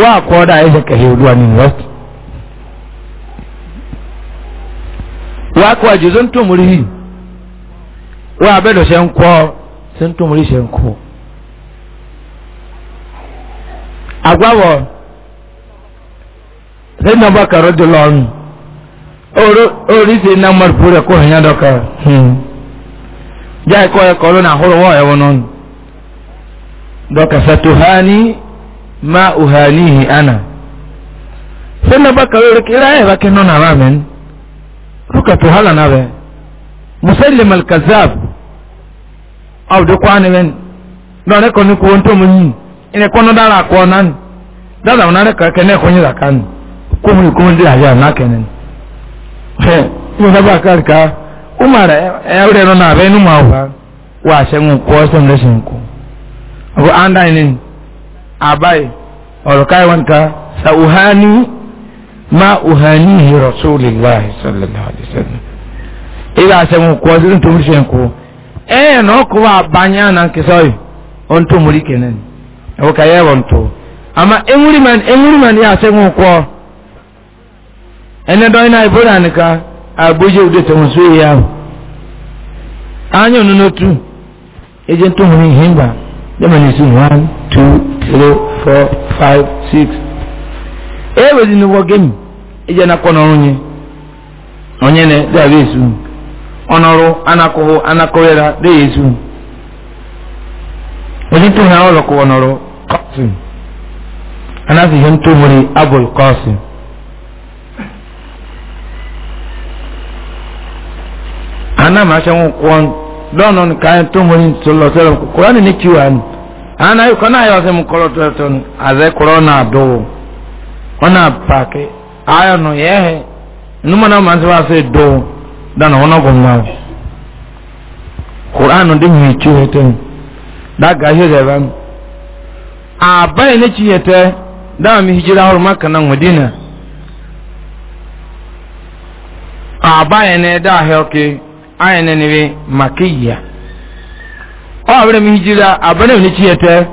Wa àkọ́ọ́dà ẹ̀ṣẹ̀ kẹ̀hẹ́ olúwa ní yunifásitì. Wa akọ àjòzó ń tó mórí yìí wọ́n abẹ́dọ̀ ṣe ń kọ́ ṣe ń tó mórí ṣe ń kọ́. àgbáwọ̀ ṣé nàbà kàró di lọ́rùn orí ṣe iná mọ́rù púrẹ̀ kó hìyàn dọ́kà ya ẹ̀kọ́ hmm. na lónà ma uhanihi ana sanna baka wuri kira ya baki nuna ramin suka tuhala na bai e musallim al-kazab aw de kwani ben no ne koni ko wonto mun yin ine kono dara ko nan dada wona re ka kene ko nyira kan ko mun ko mun dira ya na kenen he mo sa ba kar ka umar e awre no na be nu ma wa wa se mun ko se mun ko ko anda ni abai ọ̀rọ̀káyì wọn sa sa'uhani ma uhanihi rasulillahi sallallahu alaihi wasallam ila asẹmu kọ ọdún tó múrí sẹ́yìn kú ẹ̀yẹ náà kọ́ banya na nkesa yìí on tó múrí kẹ́nẹ́ ka ama enwuri man enwuri man yẹ asẹmu kọ́ ẹnẹ dọ́yìn náà ìbúra 0 ewezi n'ụgbọ gem ije nakọ n'ọrụ nye onye na dịabụ esu ọnọrụ anakụhụ anakụrịra dị esu onye tụrụ ha ọrụ ọnọrụ nọrụ kọsị ihe ntụ ntụmụrụ abụl kọsị ana m achọ nwụkwọ dọọnụ ka anyị ntụ tụmụrụ ntụlọtọrọ kụkụrụ anyị na-echiwa anyị ana yuko nayo asemu kolototon aze corona do ona pake ayo no yehe numa na manzi wa se do dana ona gomna Qur'an ndi mi chuhete da ga hiyo da ban abai ne chiyete dama mi hijira na Madina abai ne da hoke ayi ne ne ọ̀rẹ́ mi hijira abẹ́rẹ́ mi ní tiẹ̀ tẹ́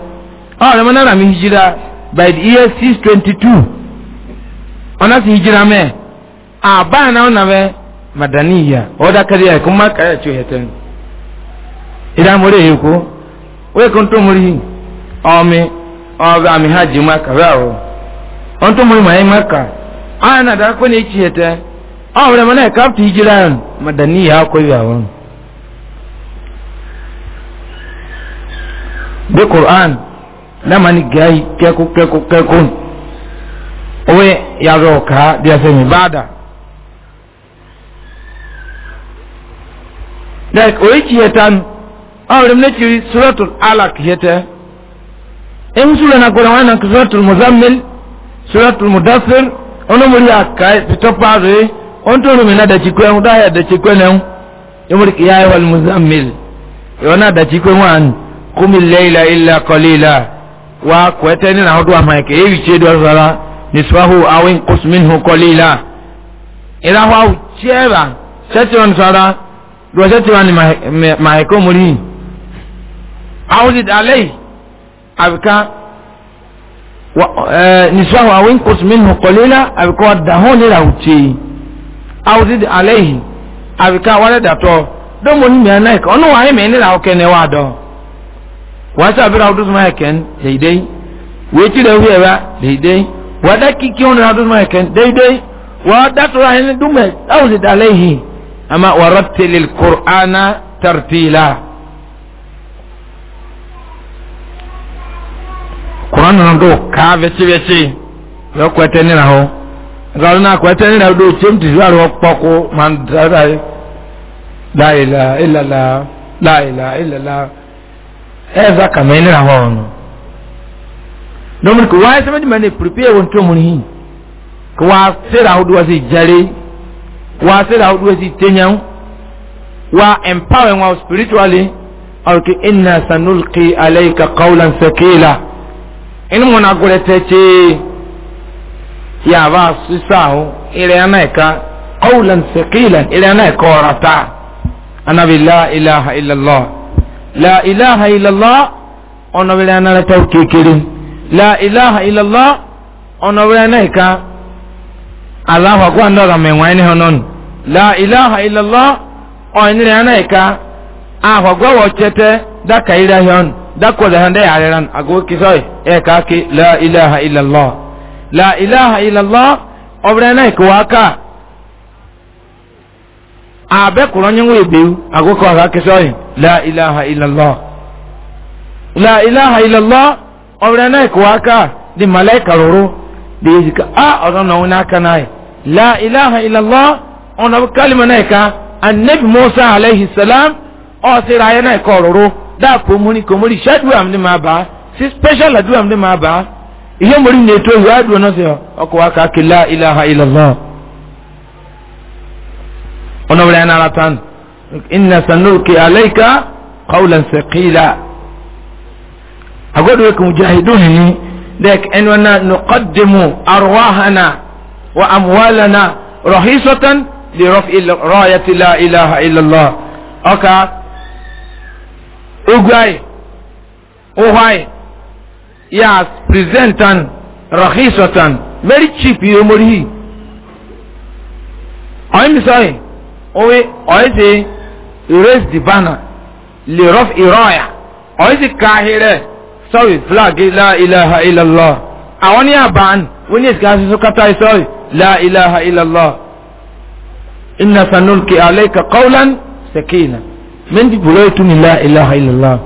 ọ̀rẹ́ mi náírà mi hijira by the year six twenty two ọ̀nà sì hijira mẹ́ àbáyé náà ọ̀nà mẹ́ madaniya ọ̀dà kẹ́rì ẹ̀ kó má kàyà tó yẹ tẹ́ ní. ìdámọ̀rẹ́ yìí kó wọ́n kò tó mọ̀rí ọ̀mí ọ̀bẹ àmì hajj má kàwé àwọ̀ wọ́n tó mọ̀rí màáyé má kà ọ̀nà dàkọ́ ní tiẹ̀ tẹ́ ọ̀rẹ́ mi náà kápẹ́tì hijira madaniya akọ̀ yìí àwọn. de quran lamani gai keku keku keku owe yaro ka dia se mi bada like oichi yetan awrim ne chiri suratul alaq yete en sura na ko wana suratul muzammil suratul mudaffir ono muri akai pitopare onto no mena da chikwe mu da ya da chikwe ne yo muri kiyaye wal muzammil yo na da chikwe wani kumi leila illa qalila wa kwete ni na hudu wa maike ewi chedu wa sala nisfahu awin qus minhu qalila ila wa ucheba sati wa sala do sati wa ni maike muri awzid alai abka e, niswahu awin qus minhu qalila abka wa dahoni la uchi awzid alai abka wala dato domo ni mi onu wa hemi ni la wasa abira hudus ma ken daidai weti da huya ba daidai wada kiki on hudus ma ken daidai wa da to ra ni dume auzi da alaihi amma warattilil qur'ana tartila qur'an nan do ka vesi vesi yo kwete ni raho galu na kwete ni raho do chemti zaro poko ɛza kama ɛne na hɔn no dɔmini ko wɔn ayɛsɛm ne prepare wɔn ntoma ne hi ko wɔase da ahodoɔ si gyare wɔase da ahodoɔ si tenyan wɔ empower wɔn spiritually ɔrɔke ina sanulki alayka kawlan sakila ɛne mu na agorɔ tɛkyee yaba sisa ho ɛrɛ ana ɛka kawlan sakila ɛrɛ ana ɛka ɔrata anabi la ilaha illallah la ilaha illallah ọ̀nà wẹ̀rẹ̀ anára tọ́ kékeré la ilaha illallah ọ̀nà wẹ̀rẹ̀ náà ká aláhùn àkọ́ àndọ́ra mẹ̀wọ̀n ẹni hàn nọ́nù la ilaha illallah ọ̀nà wẹ̀rẹ̀ náà ká ahọ̀gbọ́wọ̀ chẹ́tẹ́ dákà ilẹ̀ hàn dákọ̀ lẹ́hàn dẹ́ àrẹ̀rán àgọ́ kìsọ́ ẹ̀ káàkì la ilaha illallah la ilaha illallah ọ̀rẹ́ náà kò wá ká àbẹ́kùrọ̀ nyẹ́wọ̀ ìbẹ̀wò àgọ́ kọ̀ àkàkìsọ́ yìí la ilaha illallah la ilaha illallah ọbẹrẹ náà kò wá ká di malaika roro di yéé sika a ọdọ náà wọn aka náà la ilaha illallah ọ̀nà kálímà náà ká anabi musa alayhi salam ọ̀sẹ̀rẹ̀ ayé náà kọ̀ roro dáàpọ̀ múni kò múni ṣáàdùn àmì máa bá sí special àdùn àmì máa bá ihe múri ní ètò ìwé àdùn náà sọ ọkọ̀ wá ká kí la ilaha illallah ọ̀nà ọbẹrẹ náà inna sanulki alayka qawlan thaqila agodo ko mujahidun ni dek enwana nuqaddimu arwahana wa amwalana rahisatan li raf'i rayati la ilaha illa allah aka ugwai uhai ya presentan rahisatan very cheap yomori oyin misai owe oyin raise the banner lè rọ́f ìrọ́ọ̀yà ọ̀yìn sì ka ahirẹ̀ sọ́ọ̀rì flag la ilaha illallah àwọn ní àbáni wọ́n ní ìsìkà sísọ kátà sọ́ọ̀rì la ilaha illallah inna sanulki alayka qawlan sakina min dibulaitu ni la ilaha illallah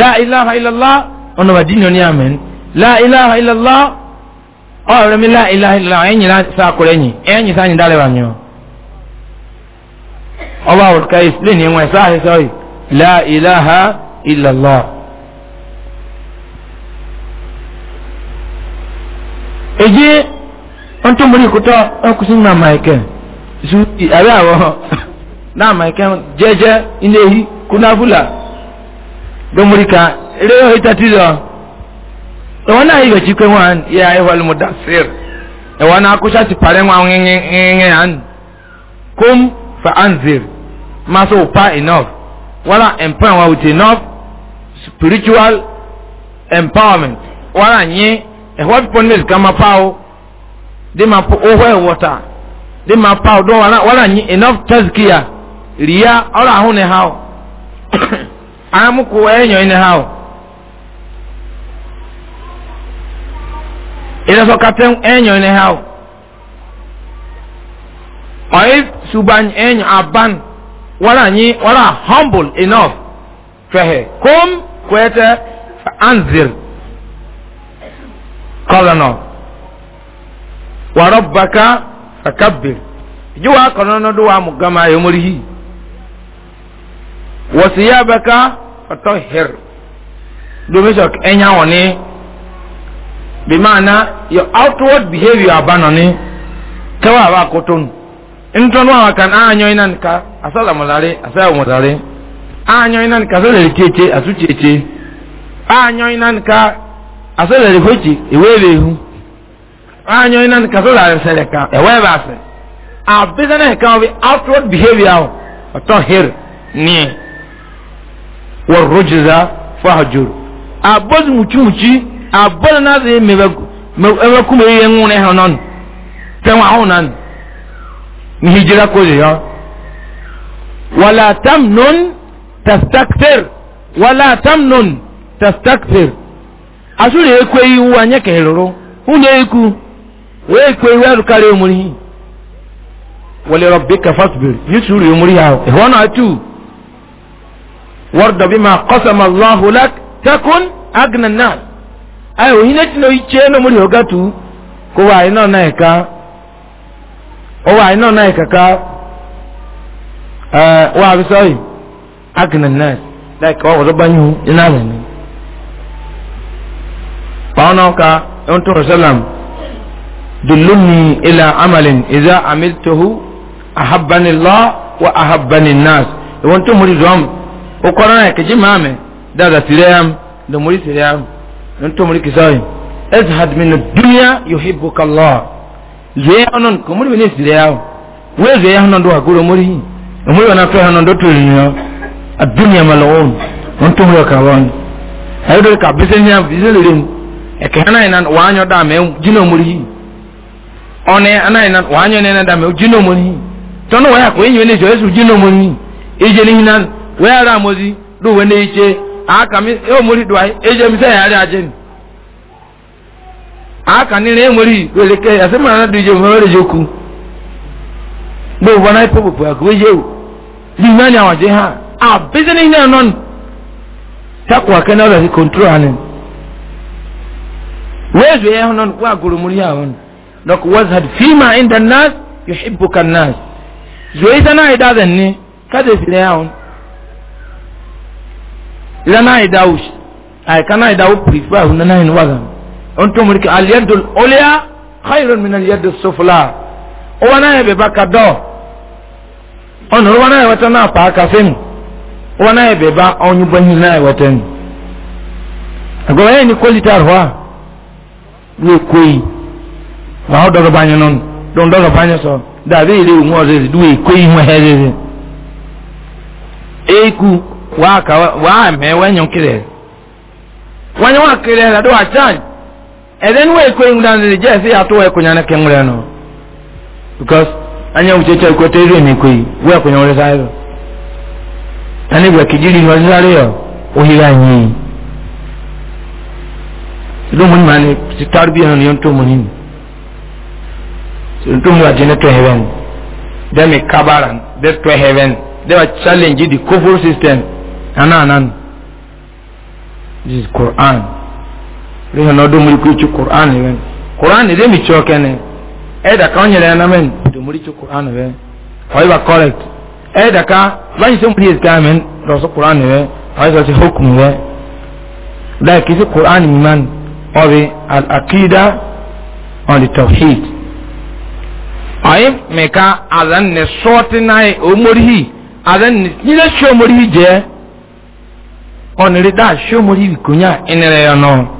la ilaha illallah ọ̀nà wà dínà ní àmín la ilaha illallah ọ̀rọ̀ mi la ilaha illallah ẹ̀yìn sá kúrẹ́yìn ẹ̀yìn sá ní dálẹ́wà ni ọ́ ọba àwòrán káyé sílẹ̀ ní ìwọ̀n ẹ̀sán àṣẹṣọ yìí láìláha ìlàlá. èjì wọn tó múlí kútọ ọkùnrin sínú àmà ẹkẹ su àbẹ àwọn náà àmà ẹkẹ jẹjẹ ilé yìí kúnáfúlà dọmúlíkà eré ọ̀hìn tàtí lọ ẹwọn náà yìí bẹ̀tí pé wọn yẹ ẹwà ló mú dá sír ẹwọn náà kó ti parẹ́ wọn ngẹ́ngẹ́ ngẹ́ngẹ́ hàn kóm fa anzir maso pa enough wala empower with enough spiritual empowerment wala nye ehwat pondis kama pao de ma po ohwe water de ma pao do wala wala nye enough tazkia riya ala ho ne hao amu ko enyo ne hao ila so katen enyo ne hao oif suban enyo aban Wala nyi wala humble enough fehe kom kwete anzir kolono warabbaka fakabbir juwa konono duwa mugama yomurihi wasiyabaka fatahhir domin shok enya woni bi ma'ana your outward behavior abanoni tawa ba kotonu ntɔnu awa kan anyɔ ina nika asalamulare asalamulare anyɔ ina nika asalere kyekye asu kyekye anyɔ ina nika asalere hwekye ewebe ehu anyɔ ina nika asalare seleka ewebe ase abisa na nika obi outward behaviour ɔtɔ hir nie wɔrojiza fahajur abozi mukyimukyi abozi na adi na mebaku meyiye ŋun ne hɔnɔn tɛn wa hɔn nan. ni hijira ko je yo wala tamnun tastakthir wala tamnun tastakthir asuri ekwe iwu anya keruru hunye iku we ekwe iwu arukari omuri wale rabbika fasbir yusuri omuri ha ehwana atu warda bima qasama allah lak takun agna nas ayo hinetino icheno muri hogatu ko ina na eka ọwọ́ àìná náà kàkà ẹ̀ eh, wọ́n àbí sọ́yìn agnes náà láìka ọ̀wọ́ tó bá yín hún iná rẹ̀ ni. pàwọn náà ka ẹ̀hún tó rọ̀ṣẹ́làm dùlùmí ilà amalin ìzá amíltóhu ahabanilá wa ahabaninas ẹ̀hún tó múri dùn ó kọ́ náà kejì máàmì dáadáa tìrẹ́ yam lọ́múrí tìrẹ́ yam ẹ̀hún tó múri kìsọ́yìn ẹ̀zhad mi nà dúnyá yóò zoe honon komuri bene sire yao we zoe honon do hakuro muri hi omuri wana fe honon do tulini adunya malawon onto muro kawon ayo ka bisenya bizelere eke ina wanyo da me jino muri one ana ina wanyo ne na da me jino muri tono ko ne zoe jino muri ije ni hinan we ara mozi do ije aka mi e do mi se ya ajeni aka nínú emori weleke asema na duje mwe joku bo wana ipo bo ya kuwe yeu limani awaje ha a bizini ina non takwa kana la control anen wezo ya non wa gurumuri ya on dok wazhad fima inda nas yuhibbuka nas zoita na ida den ni kada sire ya on ila na ida ush ai kana ida u prefer unana ni wagan onto muri ka aliyadul ulya khairun min aliyadus sufla o wana ebe baka do ono wana ebe ta na pa ka fem wana ebe ba onyu banyi na ebe ten ago e ni kwalita rwa ni koi ma o do banyo non don do banyo so da be ile un o ze du e koi hu he ze eku wa ka wa me wa nyon kire wa nyon kire la do a change ɛdɛn wo ekɔ eŋu dan de gye ɛsɛ ato wo ekonya ne kɛmrɛ no because anya wo kyekye ekɔ tɛ rie ne ekɔ yi wo ekonya wo sáré lọ ɛne wo ekegyiri wo sáré yɔ ohiri anyi ɛdɛ mo nyuma ne sitari bi yɛn yɛn to mo nim nto mo adi ne to heaven dɛ mi kabara dɛ to heaven dɛ wa challenge di koforo system anan anan this is quran rihe na ọdụmụrụ ikwu ichu kuran wen kuran ide mi chọọ kene eda ka onyere ya na men ọdụmụrụ ichu kuran wen ọyịba correct eda ka banyị sị mmiri ezike amen dọsọ kuran wen ọyị sọ sị hukum wen daa kisi kuran iman ọbi al akida on the tawhid ọyị meka azan ne sọọtị naị omorihi azan ne nyere shi omorihi jee ọ nere daa shi omorihi konya ịnere ya n'ọrụ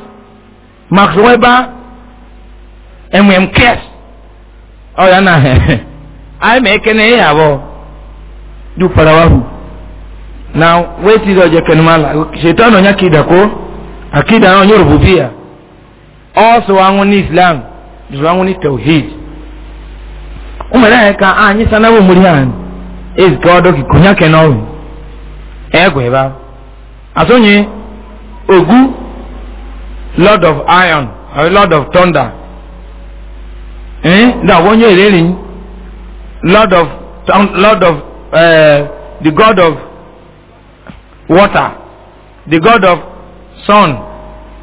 Max Weber M.M. Kess ọ ya ah, na anyị ma na ya abụọ du parawahu na weti ọjọọ kenemala shetan onye akida ko akida na onye rububia ọ sọ anwụ na islam sụwa anwụ na tawhid ụmụere anyị ka anyị sanawo omori anyị ezike ọdọ kikunya kenọwụ egwe ba asonye ogu lord of iron or eh, lord of thunder eh da wonye elerin lord of lord of uh, the god of water the god of sun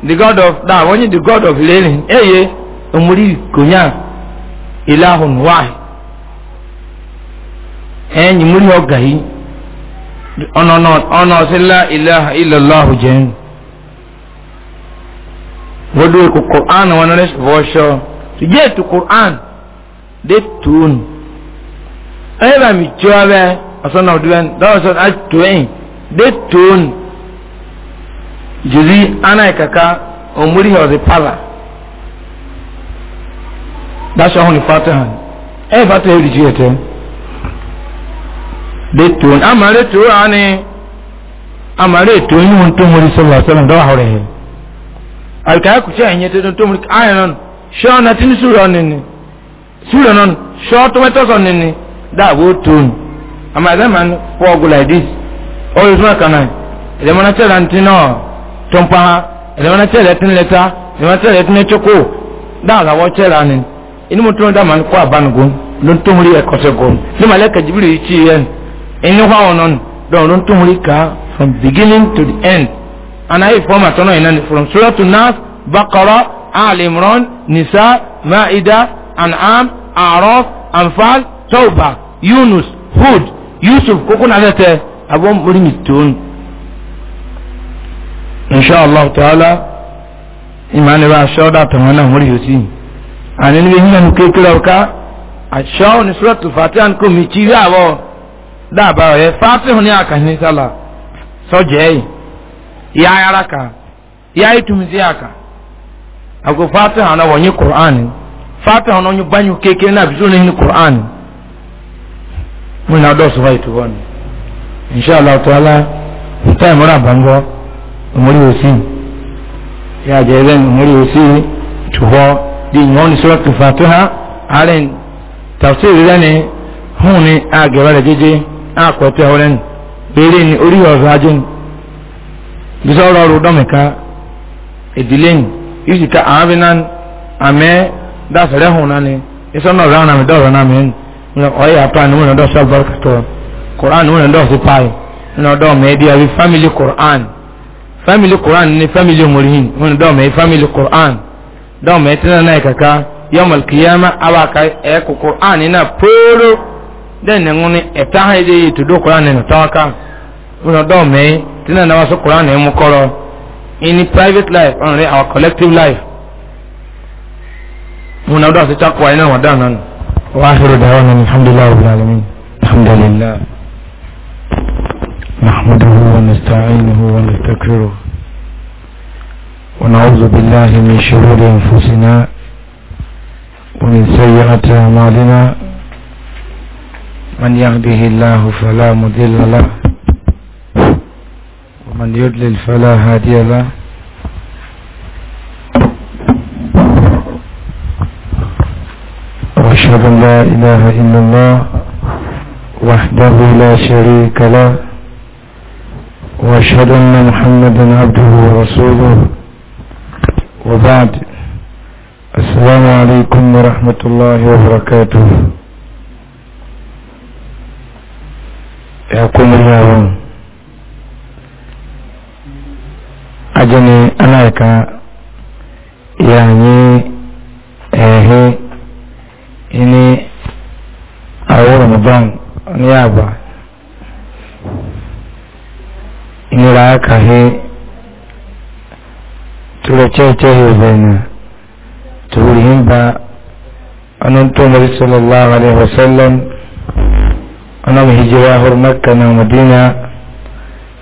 the god of da wonye the god of elerin eye eh, omuri konya ilahun wahid ẹ̀yìn múlò ọ̀gá yìí ọ̀nà ọ̀sẹ̀ láìláha ìlàláhù jẹun vodu ku Quran wana nes vosho je tu Quran de tun eba mi chobe asana udwen da so atuen de tun jizi ana kaka omuri ho de pala da so honi fataha e fataha ri jete de tun amare tu ani amare tu ni hun tu muri sallallahu alaihi wasallam alkaya ku cɛ nyɛ tɛ tomri ayɛ nɔn sɔ na tini suurɔ nini suurɔ nɔn sɔ tɔmɛ tɔsɔ nini daa b'o toon ama ɛdɛ man fɔɔgu like this ɔyɛ suma kana ɛdɛ mana cɛ lan tini ɔ tɔnpaha ɛdɛ mana cɛ lɛ tini lɛ ta ɛdɛ mana cɛ lɛ tini tsoko daa la wɔ cɛ la nini ini mo tɔn da man kɔ abanigo lɔn tomri yɛ kɔsɛ gɔn ne ma lɛ ka jibiri yi ci yɛn ini hɔ awɔ nɔn dɔn lɔn tomri ka from beginning to the end ana yi fɔma tɔnɔ yi nani from suratu nas bakara ali imran nisa ma'ida an'am araf anfal tauba yunus hud yusuf koko na lɛ tɛ a bɔ mori mi toon insha allah taala imaani b'a sɔɔ da tɔmɔ na mori yosi ani ni bɛ hinɛ nu kekele ka a sɔɔ ni suratu fatiha ni komi ci yabɔ daa ba yɛ fatiha ni a ka hinɛ sala sɔjɛ yi. ya yi ya yi tumisi aka ago fatiha na wonyi qur'ani fatiha na wonyi banyu keke na bizo na ni qur'ani mun na do so vai to insha Allah taala ta mura bango muri osi ya je ben muri osi to ho di nyoni sura fatiha aren tafsir lane huni agewale jeje akote holen bere ni ori ozo ajin bisa ọrọ ọrọ dọmi ka ìdílé yìí yìí sì ka àwọn bí nan àmẹ dáfẹrẹ hùn nani iṣẹ náà rán àmì dọrọ náà mẹrin nínú ọyẹ apá ni wọn dọ sọ bọrọkà tó koran ni wọn dọ sí paayi nínú ọdọ ọmọ ẹbí àbí family koran family koran ni family morihin wọn dọ ọmọ ẹ family koran dọ ọmọ ẹ tẹ́lẹ̀ náà kàkà yọmọ kìyàmá àwọn àka ẹ kò koran nínú póró dẹ́n ní wọn ni ẹ̀ta hàn ẹ̀ dẹ́ yìí tó dó koran nínú tọ́ka wọn dọ ọmọ tina na wasu quran mu koro in private life on our collective life mun awda su takwa ina wadana wa akhiru da'wana alhamdulillah rabbil alamin alhamdulillah نحمده ونستعينه ونستغفره ونعوذ بالله من شرور انفسنا ومن سيئات اعمالنا من يهده الله فلا مضل له من يدلل فلا هادي له واشهد ان لا اله الا الله وحده لا شريك له واشهد ان محمدا عبده ورسوله وبعد السلام عليكم ورحمه الله وبركاته يا اليوم ajini anaika yanyi ehe ini awo ramadan ni agba inira aka he tuleceece hebena tuhurihimba anuntumari sallallahu alaihi wasallam anam hijira hurmakka na madina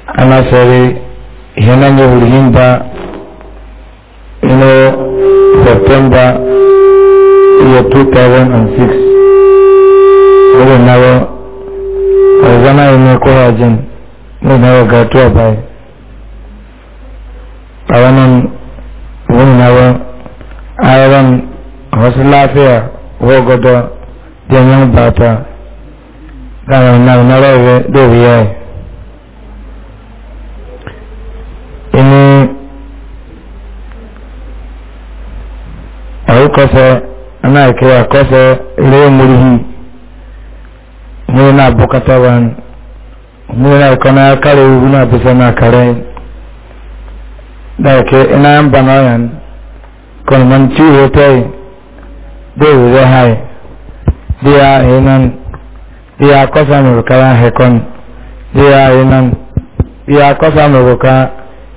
ana sare yana yoruba ino september year 2006 wani nawa a zana yi ne kurajin ne nawa gatuwa bai a wannan wani nawa ayaran wasu lafiya wogodo da yan bata da na nawa dobe yayi ini ayi kɔfɛ ana ake akɔfɛ lɛɛ murihi muri na bukata wan muri na kɔnɔ akare wu na bisa na kare da ake ina yan bana yan kɔnɔ man ci wo de wo hai dia hinan dia kɔsa mu kara hekon dia hinan dia kɔsa mu kara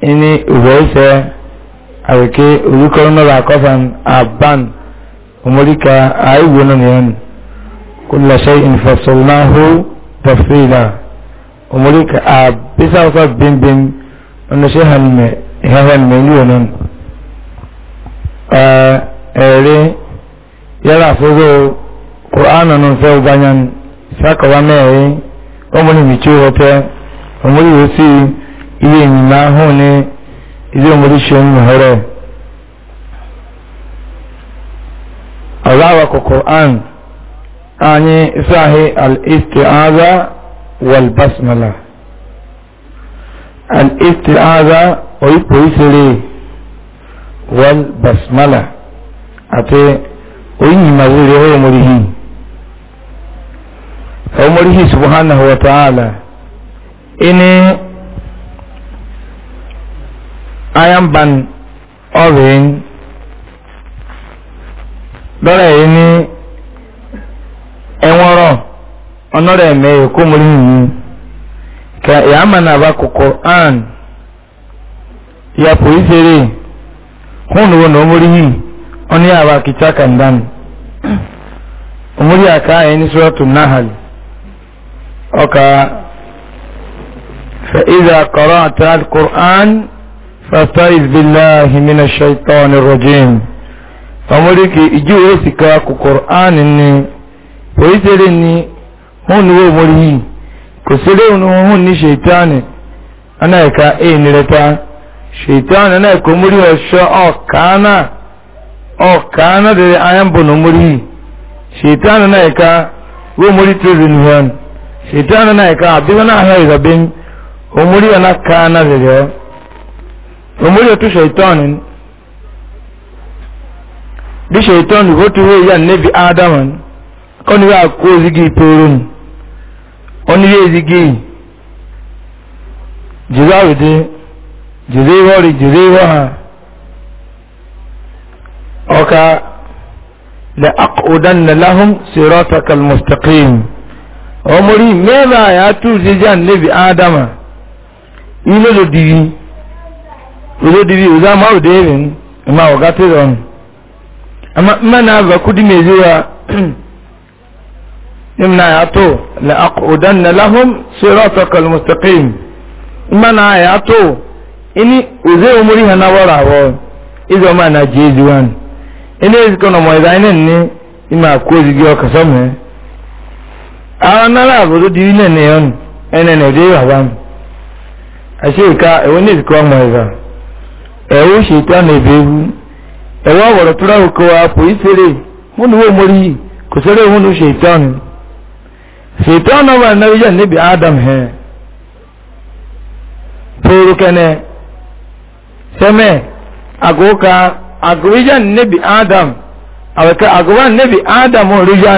ini ubaise aweke olukoro no ba kofan aban umulika aiwono nyon kulla shay'in fasalnahu tafsila umulika abisa usa bin bin ono se hanme hehan me yonon eh ere yara fogo qur'ana non se ubanyan sakawa me omuli michu hope omuli usi iye ìyìnbá hùn ní ilé ọmọdé ṣe ń hẹrẹ aláwakọ̀ quran anyị isahi al-istiaza wal basmala al-istiaza oyipo isere wal basmala àti oyinmawó rẹ̀ ọ̀rọ̀ mọ̀rìhì ọmọrìhì subhanahu wa ta'ala ini ayan ban orin dọ́rẹ̀ yìí ní ẹwọ́rọ̀ ọ̀nọ́rẹ̀ mẹ́ ya mọ́rí yìí kẹ ìyá mànàbà kòkó àn ìyàpò ìṣeré hún lówó nà ọmọrí yìí ọ̀ní àwa kìtà kàndán ọmọrí àká ẹni sọ́ọ̀tù ịza ọkà فإذا قرأت القرآن فاستعذ بالله من الشيطان الرجيم فمولك اجو اسكا قران ني ويسرني هون هو مولي كسلون هون ني شيطان انا كا اي نرتا شيطان انا كمولي وشا او كان او كان دي ايام بنو مولي شيطان انا كا هو مولي تزن هون شيطان انا كا عبدنا هاي ربين ومولي انا كان دي omori otu shaitan di shaitan votu wey ya nebi adaman kọni ya kó ezigi peron ọni ya ezigi jiri awide jiri ihe ọrị jiri ihe ha ọka la aqudanna lahum sirataka almustaqim omori mẹ́rin àyàtú zizan nebi adama ilé lòdìrí ozo diri ozo ama odo ebe ma ọ gatịrị ọnụ ama mma na abakụ dị n'ezi ya nim na ya ụda la aqudan lahum siratal mustaqim mma na ya to ịnị ozo omuri ha na wara awo izo ma na jeji wan ene na no moyo dai nne ima kwezi gị okasa me ara na la ozo diri nne ne on ene ne de ya wan ashe ka e woni eziko moyo ẹ̀wọ́ ṣètò ànàbẹ̀ ewu ẹ̀wọ́ ọ̀wọ̀rọ̀ tó ráhùn kọ́ apò ìṣeré múnú wò mórí kò sẹ́rẹ̀ múnú ṣètò ọ̀nù ṣètò ọ̀nà wà nàìjíríà níbi adam hẹ́ fóró kẹ́nẹ́ sẹ́mẹ̀ àgókà àgóríjà níbi adam àwẹ̀kẹ́ àgówà níbi adam òríjà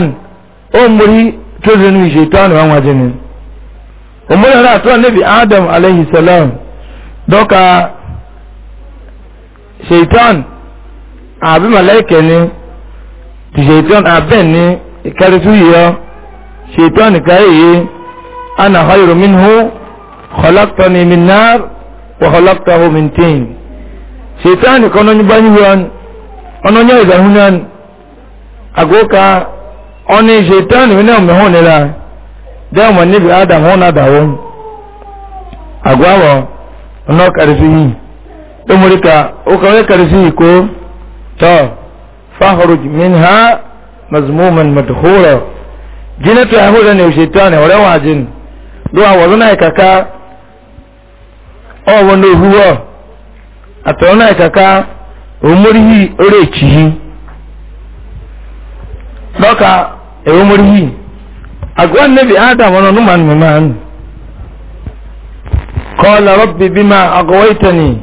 ó mórí tó rinú ìṣètò ọ̀nù àwọn àjẹmí òmúrẹ̀ rà tó níbi adam salam dọ́ka ṣèitán àbí mọ̀lẹ́kẹ̀ ni ti ṣèitán abẹ́ ni ìkẹrìtú yíyọ ṣèitán ìkẹrì yìí ana khayru minhu khalaqtani min nar wa khalaqtahu min tin ṣèitán ìkọ́ ọ̀nà yíba yíyan ọ̀nà yíyan ìdàhún náà àgókà ọ̀nà ṣèitán ìwé náà mẹ́hún nira dẹ́wọ̀n níbi adam hàn náà dàwọ́ ọ̀nà kẹrìtú yìí umurika ukawai karfi ko ta faharuj minha mazmuman madhura jina ta yahuda ne shaitani wala wajin duwa wazuna kaka o wono huwa atona kaka umurihi orechihi doka e umurihi agwan nabi adam wono numan man qala rabbi bima aghwaytani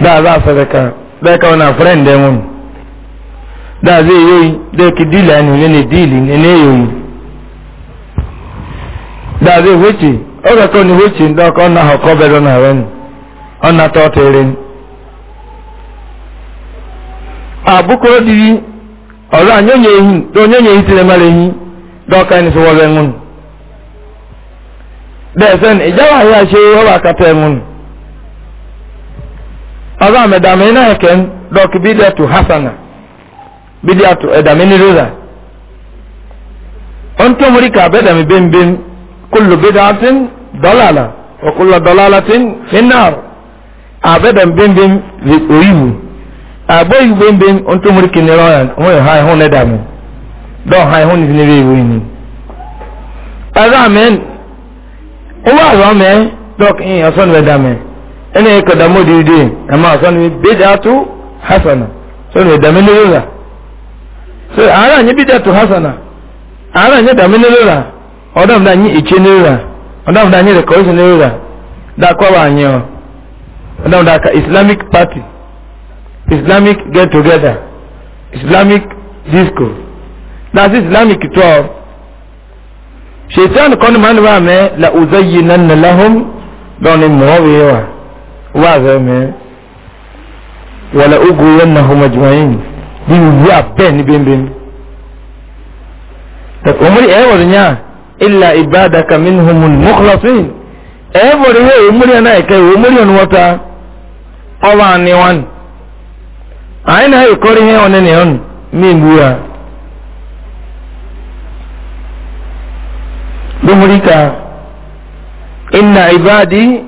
da za su daga da ka wani friend e da mun da zai yoyi da e ki dila ne ne dili ne ne da zai wuce o ga wuce da na na wani wannan a bukuro diri ọ̀rọ̀ ànyọ́nyẹ̀ ehi tó nyọ́nyẹ̀ ehi tilẹ̀ mara ehi dọ́ọ̀ka ẹni sọ wọ́n bẹ́ẹ̀ ń wọn. bẹ́ẹ̀ sẹ́ni ọzọ àmẹdàmẹ náà kẹ ń dọkì bídíàtù hasana bídíàtù ẹdàmẹ nírúdà ohun tó múrí ká abẹ́dàmẹ bẹ́ẹ̀nbẹ́ẹ̀n kúlù bídàtì dọ́làlà ọ̀kúlù dọ́làlà tí fínàr abẹ́dàmẹ bẹ́ẹ̀nbẹ́ẹ̀n òyìnbó àbẹ́yìí bẹ́ẹ̀nbẹ́ẹ̀n ohun tó múrí kìnìún ọ̀yàn wọ́n yóò ha ẹ̀hún nẹ́dàmẹ dọ́ ha ẹ̀hún nìyí nírú ìwé ni ọzọ àmẹ ń wọ́n àrọ́ mẹ́ dọ́kì ẹ̀yìn ọ̀sán ẹni ẹ̀kọ́ dàmú dìde ẹ̀ma sọ́ni bídà tó hasana sọ́ni ẹ̀dàmí lélóra so àárẹ̀ ànyẹ́ bídà hasana àárẹ̀ ànyẹ́ dàmí lélóra ọ̀dọ́m dà nyí ìkyé lélóra ọ̀dọ́m dà nyí rẹ̀kọ́rẹ́sì lélóra dà ọ ọ̀dọ́m ka islamic party islamic get together islamic disco that's islamic twelve ṣètàn kọ́ni mọ́ni wà mẹ́ la ọ̀zọ́ yìí nánà láhùn lọ́ni mọ́ wíwá wáàzẹ́ mi wọlé ogun yẹn nà ọmọ jùmọ̀yìn bí wíwí abẹ́ ní bímbím ọmọdé ẹ̀ wọ̀rọ̀ nyà ilà ìbádàkà mìíràn mọ́kànlọ́sìn ẹ̀ wọ̀rọ̀ yẹ ọmọdé yẹn náà ẹ̀kẹ́ ọmọdé yẹn wọ́ta ọba àníwọ̀n àyìn náà ìkọ́rí yẹn wọn ní ọ̀nà mí buwa lómọdé ká ìnà ìbádìí.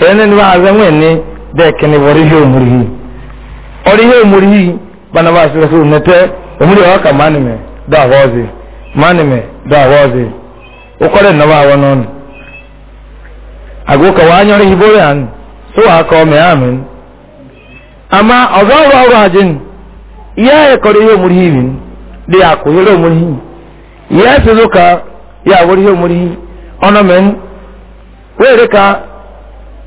kene ni baza mwene dekene warihe omurihi orihe bana da wazi da wazi ukore na bawa non agoka wanyore hiboyan so aka me amen ama ozawa wajin iya ekore omurihi bin de akoyere omurihi iya sezoka ya ka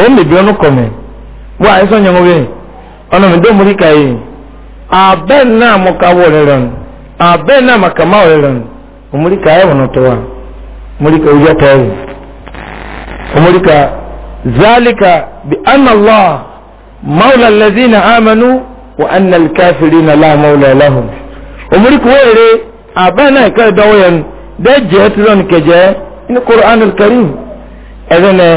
òun lè bí ọ́nù kọ̀mẹ̀ wọ́n àìsàn yẹn wọ́n ọ̀nà mi dé mórí ka yìí abẹ́ náà mo ka wọ̀ rẹ̀ rẹ̀ abẹ́ náà mà kà má rẹ̀ rẹ̀ mórí ka ẹ̀ wọ̀n tó wa mórí ka ojú ọ̀tọ̀ rẹ̀ mórí ka zálìkà bí anna allah mawla lẹ́dínà amanu wa anna káfírin náà láà mawla lahun mórí ka wẹ́rẹ́ abẹ́ náà ìka ìdánwò yẹn dẹ́jẹ́ tí lọ́nù kẹjẹ́ ní kóra anul karim ẹ̀rẹ́ náà.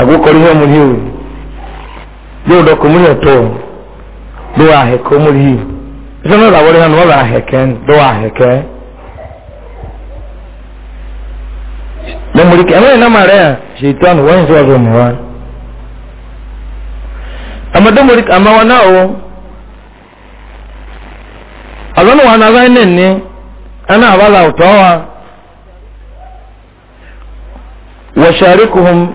agukora ihe muri iwe yodo kumuri eto do aheke muri iwe ife no labore hano baba aheke do aheke memuri kemwe na marea shaitan wenzo wazo mwa amado muri ama wanao azano wana zaine ni ana abala utoa kuhum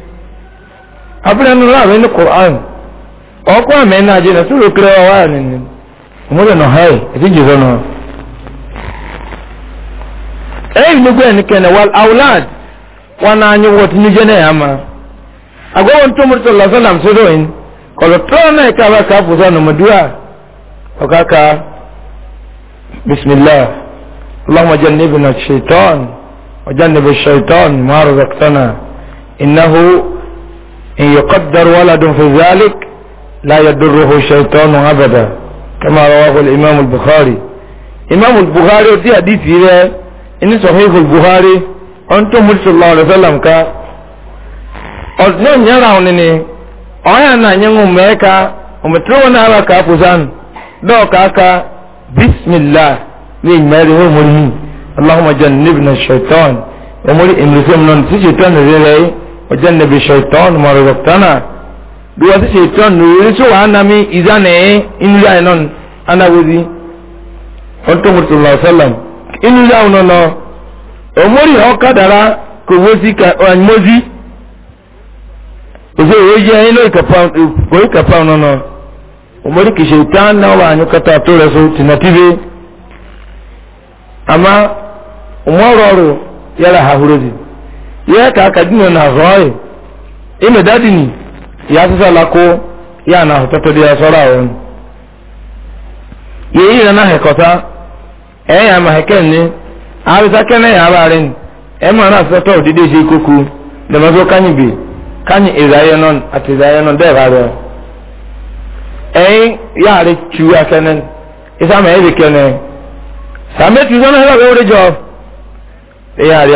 abúlé nínú àwọn ẹni kùrán ọkọ àmì ẹni àjẹ náà sórí òkèrè wa wáyà nínú ọmọdé náà hàì ètí jùlọ náà. ẹ̀yìn gbogbo ẹni kẹ́ni wà áwùláàd wọn إن يقدر ولد في ذلك لا يضره الشيطان أبدا كما رواه الإمام البخاري إمام البخاري في حديث إن صحيح البخاري أنتم صلى الله عليه وسلم كا أذنين يرون إني أنا نعيم ميكا ومترون على كافوزان دو كاكا بسم الله من ماله مرهين اللهم جنبنا الشيطان ومرئ إن رسمنا نسي شيطان ريلي wajen bi shaitan marazabtana duk wata shaitan nuri so wa nami izane inu ya inon ana wuzi hunto mutulla sallam inu ya uno no omori ho kadara ko wozi ka anmozi ozo oye ino ikapa ko ikapa na no omori ki shaitan na wa anyo kata to reso tinative ama umoro ro yala hahurozi ya ka aka dino na zoi imeda dadi ni ya sasa lako ya na hototo dia sora on ye yi na hekota e ya ma heken ni a bi sake na ya bare e ma na soto dide je kuku da mazo kanyi bi kanyi izaye non ati izaye non de bare e ya arị re chu akenen ịsa ma e bi kenen samet yuzo na hela be ore jo e ya ri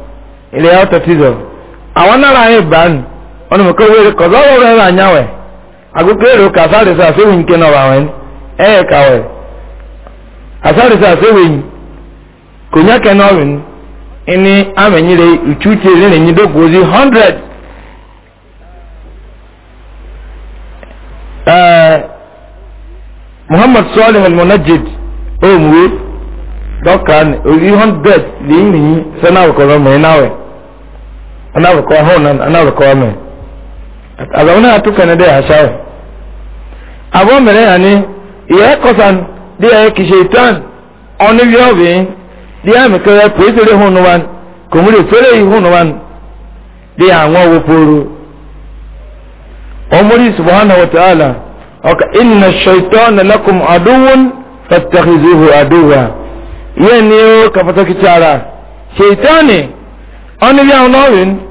ilẹ̀ yà ọ̀tọ̀tìzọ̀ àwọn náírà ayé ìbánu ọ̀nà mọ̀kọ́ wẹ̀rẹ̀ kọ̀ lọ́wọ́ rẹ̀ rà nyàwẹ̀ àgùkọ èrò kà sárésà séwì nke nọ̀ wà wẹ́n ẹ̀yẹ kàwẹ̀ àsárésà séwì kònyà kẹ́nà ẹni amẹ̀nyẹrẹ ìtútù ẹ̀rẹ́ ẹ̀yìn dọ́kọ̀ ozi hundred eh, muhammad sọ́ọ̀lì mọ̀nàjid ọ̀mùwé dọ́kà ozi hundred lẹ́yìn ẹ̀yìn sẹ́nà àwòkọ̀rọ̀ mọ̀ ẹ̀ náwẹ̀ anarukọ hau nan ana mai me. zaune a tuka na dai a shawo abuwa mere ya ne iya kosan di ya yake shaitan ọni bi obi di ya mikara po isere hunuwan kumuri fere yi hunuwan di ya anwa woporo omuri subhanahu wa ta'ala ọka inna shaitan lakum aduwun fattakhizuhu aduwa yẹn ni o kafata kitara shaitani ọni bi àwọn ọrin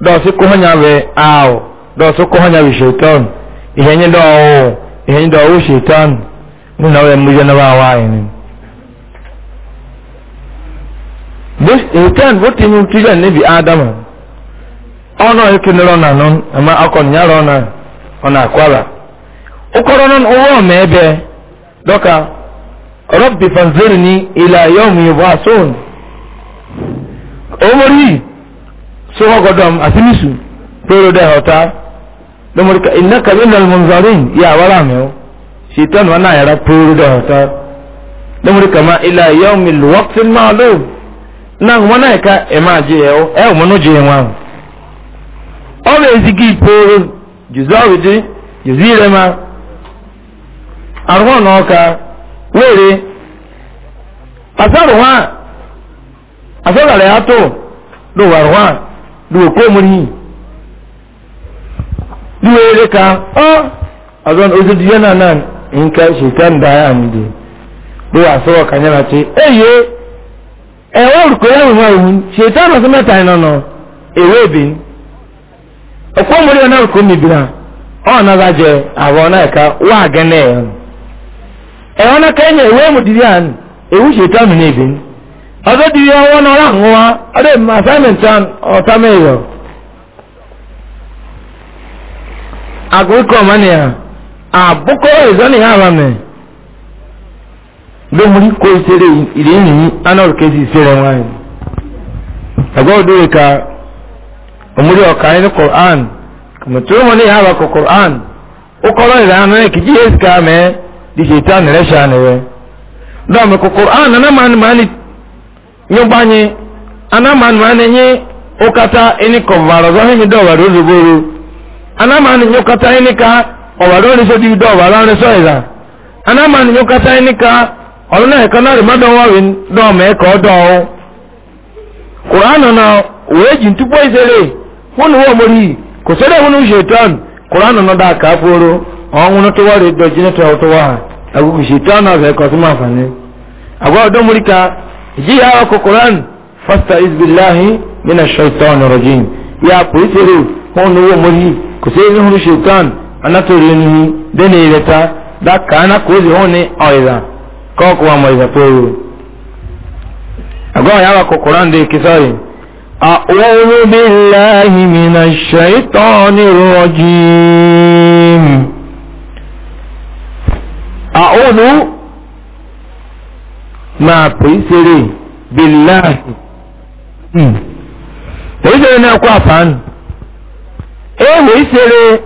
dọsị kụhọnya bụ aw dọọsị kụhọnya bụ shetan ihe nye dọọwụ ihe nye dọọwụ shetan nụ na ọ bụ mmụọ na ọ waayị ni. bụ shetan bụ tinye ntụja n'ebi adam ọnụ ekenere na nọ ama akọ na ọ na akwara ụkọrọ nọ ụwa ọma ebe dọka rọbbi fanzirini ila yom yubasun omori sohogodom asimisu pero de hota lomorika innaka minal munzarin ya warameo oh. shitan wana yara pero de hota lomorika ma ila yawmil waqtil ma'lum na wana ka emaje yo e omono je nwa always gi pero juzawidi juzirema arwa noka were asaruwa asarale ato do warwa do ko muri ka o azon ozo di yana nan in ka shetan da ya ni de do aso ka nya ti eye e o ko ya wa hu shetan o sama tai no no ewe bi o ko muri na ko ni bira o na ba je awon na ka wa gane e ona ka nya ewe mu di yan ewu shetan ni bi ọdọ di ya wọn ọrọ ahụwa assignment an ọta meyo agụkọ mania abụkọ ịzọ na ya abame ko isere ire enyi anọrọ kezi isere nwanyị agwa odore ka omuri ọka anyị koran kàmùtúrò mọ ní ìhà àbàkọ koran ó kọ́rọ́ ìlànà ìkìjì yéésì ká mẹ́ di ṣètò ànìrẹ́ṣà nìwẹ́ dọ́ọ̀mù kò koran nana máa ní nyugbanye anamanu anihi ukata ini kọvara zọ hihi dọwara ozugbo anamanu nyukata ini ka ọwara oriso di dọwara oriso ịza anamanu nyukata ini ka ọlụna mmadụ dọọma na wee ji ntupu izere hụnụ wa omori kò sẹ́dẹ̀ húnú ṣètọ́n kùránù náà dáa ká fóró ìjìyà ọkọ̀ koran fásitì isbillahi nínú ṣaitan rajin ya pèsèrè wọn ni wọn mọ̀rí kò sí ní hùrù ṣaitan anátòrí ni dẹ́nà ìrẹta dákàánà kò sí wọn ní ọ̀ìdà kọ́ọ̀kọ́ wọn mọ̀ tó rò àgọ́ ìyá ọkọ̀ koran dé kí sọ́ọ̀rì أعوذ بالله من الشيطان الرجيم أعوذ ma apụ isere bi laasị um ehi sere na-ekwu afo anụ eho isere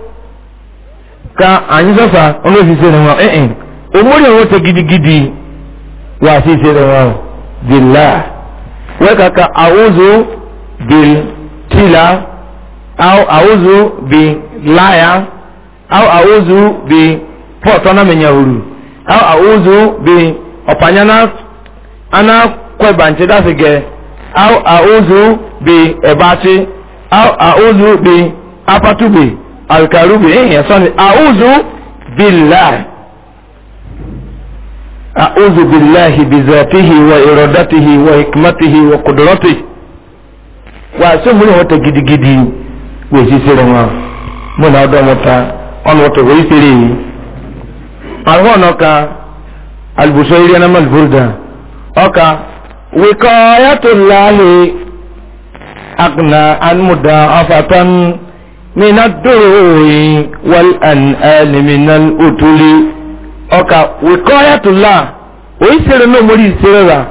ka anyị zọsara ọnụ efi isere ọhụrụ ọ ṅụrụ ya nweta gidigidi wa ase isere ọhụrụ bi laa wee ka ka ụzụ biri tila ahụ ahụzụ bi laa ahụ ahụzụ na pọtụ n'amenyawulu ahụ ahụzụ bi ọkpanyana. ana kwebanci da su ge au a uzu bi ebaci au a uzu bi apatubi alkarubi ihe eh, sọni a uzu billahi a uzu billahi bi zatihi wa irodatihi wa hikmatihi wa kuduratihi wa sun muni wata gidigidi wai si sere wa muna ọdọ mọta ọnụ wata wai sere yi arụwa ọnụ ka albusoiri na malburda ọka wikọyatullahi agna an mudafatan min ad-dururi wal an'ani min otu utuli ọka wikọyatullah oyisere na omori isere ra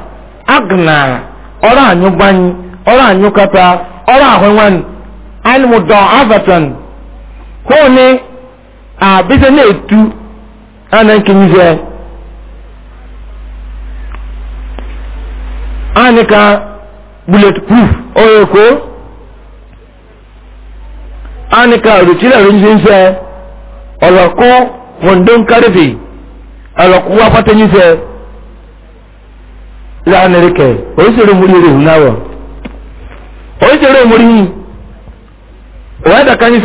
agna ọrụ anyụgbanyị ọrọ ọrụ ahụ nwanyị an mudafatan hụ ni a bisa na-etu a na nkenyize anyị e ka bullet proof oyo e ka rutila rinji nse ọlọkụ wọndon karfe wapata nise lánàrí kẹ oríṣiríṣi múrí rè hùn náwọ oríṣiríṣi múrí yìí òwádà kan ní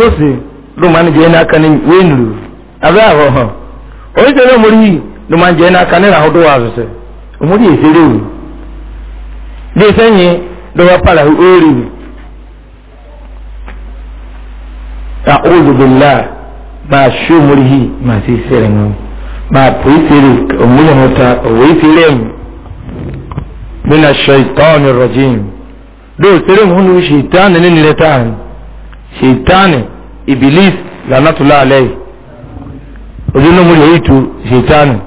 de sɛnyi dɔba para ho ori a'udhu billah ba shumurihi ma si sere ngam ba puisiri omuya mota owisirem min ash-shaytanir rajim do sere hunu shaytan ne ni letan shaytan iblis lanatullah alayhi ojuno mu yitu shaytan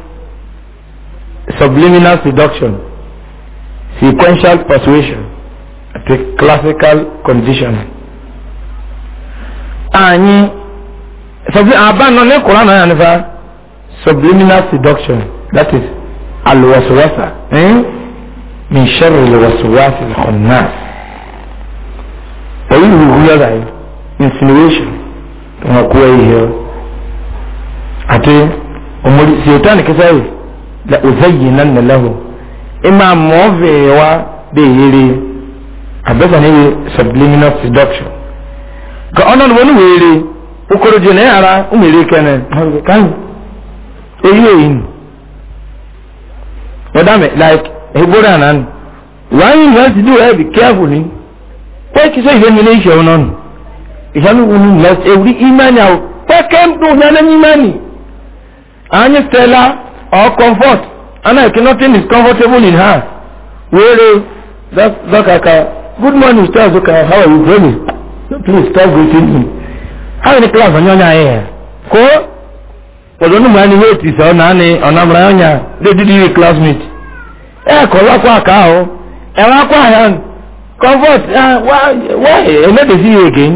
subliminal seduction sequential persuasion àti classical conditioning. àyìn sọ̀bí àbánu ní koran náà nípa subliminal seduction that is alwaswasa eh? min sharri alwaswasi alkhannas Oyin ìwé ìwúyọ́ rà yìí insinuation tó wọn kú ẹ̀yìn yìí àti ọmọdé ṣètò ànìkẹ́sẹ́ yìí la uzayyinanna lahu ima mɔvewa de yere abɛsa ne ye subliminal seduction ka ɔnɔ ni wɔn wele okorojo ne ara umere kɛnɛ kan eyi eyi ni ɔdame like egbori anan wàá yin to do ẹ bi careful ni pẹ́ẹ́kì sọ ìfẹ́mi ní ìṣẹ̀wọ̀n náà nù ìṣẹ́mi wù ní ìlẹ́sẹ̀ ewúrí ìmánì àwọn pẹ́ẹ́kẹ́ ń dùn ní alẹ́ ní ìmánì àányẹ́ stella or comfort and like nothing is comfortable in her were zakaka uh, good morning ustaz zakaka how are you doing please stop greeting me how many class on your hair ko pẹ̀lú onímọ̀ ẹni wéètì sẹ́ ọ̀nà ni ọ̀nà àmàlà ọ̀nyà dédìdì rí classmate ẹ̀ kọ́ lọ́kọ́ àká o ẹ̀rọ akọ́ àyàn comfort wá ẹlẹ́dẹ̀ sí yìí again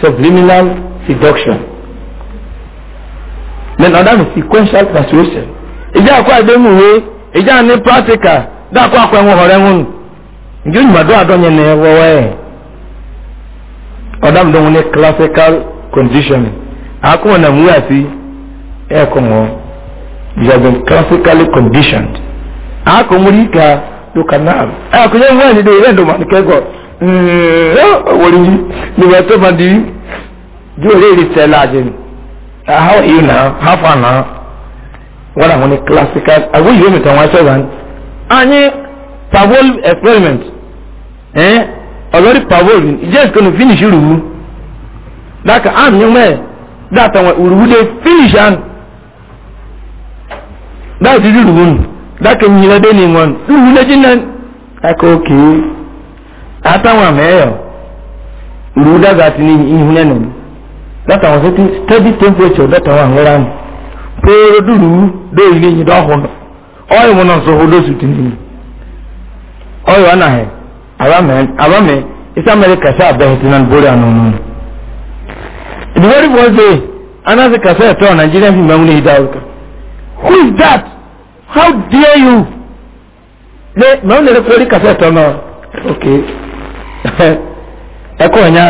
subliminal seduction then another sequential persuasion ìjà àkọ́ àgbẹ̀mùwé ìjà ní pírátíkà dákọ́ àkọ́ ẹ̀wọ̀n ọ̀rẹ́ wọn ǹjẹ́ ìgbàdo àdọ́yẹn ní wọ́wọ́ ẹ̀ wọn ní classical conditioning àkọ́wọ̀n náà múwé àti ẹ̀kọ́ wọn you have been classically conditioned àkọ́múrí ka lóka náà àkọ́yẹ́ wọn ní ìdíwọ́ ìrẹ́ndọ̀ wọn kẹ́kọ̀ọ́ wọ́n yí ni wọ́n tó máa di yóò rí ìrìsẹ́ láàjẹ́ how are you now how far now wọ́n àwọn ní classical àwọn yìí omi tàn wọ́n aṣọ ìwọ̀n anyi pavol experiment ẹ̀ẹ́n ọ̀lọ́rí pavol james kanu finish rúwú dáka am ní mẹ́ẹ̀ dáta wọn rúwú dé finish am dáa ti rúwú nù dáka nyina dé ní wọn rúwú dé jìnnà ẹ̀ka òkè àtàwọn àmẹ́yọ̀ rúwú dága ti ní ihun ẹ̀nà dáta wọn sọ ti steady temperature dáta wọn àwọn ẹ̀rọ àmì. pere duru do ile nyi do hono oyi mo na so ho do suti ni oyi ana he aba me aba isa mere kasa abe tinan bori anu nu the very first day ana kasa to Nigerian film mamu ni da uka who is that how dare you le mamu ne ko ri kasa to na ok eko nya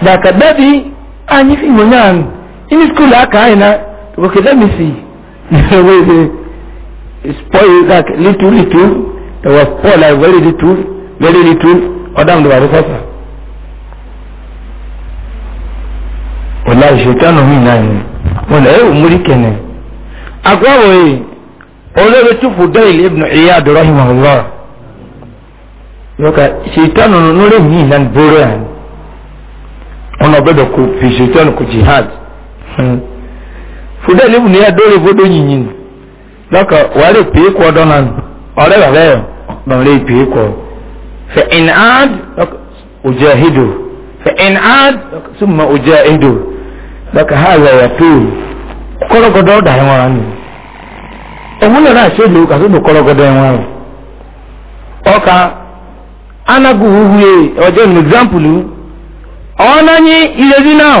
da anyi fi mo nyan in school aka anyị na okay let me see wey dey spoil like little little there was poor like very little very little ọdam dị bàbá sọsọ. ọ̀la ìṣètàn mi náà ni wọn lè ẹ̀rù múrí kẹ̀nẹ̀. agbáwo yìí olórí túfù dẹ́yìlì ibn ìyá àdúrà ìmọ̀lá yọkà ìṣètàn nínú lórí mi náà bóró ẹ̀ ọ̀nà ọ̀bẹ̀dọ̀ kò fi ìṣètàn kò jihad. fúdẹ́ lébù ní ẹ̀dọ́rẹ̀ fódó yìnyín lọ́kọ̀ wà lè pè é kọ́ dọ́nà ọ̀rẹ́ bàbá ẹ̀ lọ́n lè pè é kọ́ fẹ̀ in ad ọjà hido fẹ̀ in ad súnmọ́ ọjà lọ́kọ̀ ha yà yà tó kọ́lọ́gọ́dọ́ dà ẹ̀ wọ́n ẹ̀wọ́n kọ́lọ́gọ́dọ́ ẹ̀ wọ́n ọkà ọjọ́ ìmọ̀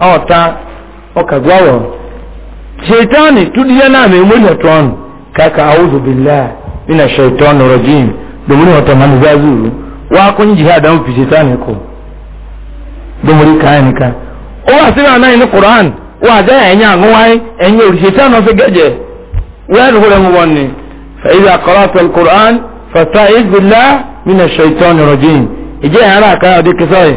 ọta ọkagwawa shaitani tudiya na mai mulya tuwan kaka auzu billah ina shaitani rajim domin wata manu za zuru wa kun jiha da mafi shaitani ko domin kayan ka o wa sira na ni qur'an wa da ya nya ngwai enye uri shaitani so gaje wa ru hore mu wonni fa idha qara'ta al-qur'an fasta'iz billah min ash-shaytani rajim ije ara ka odi kisai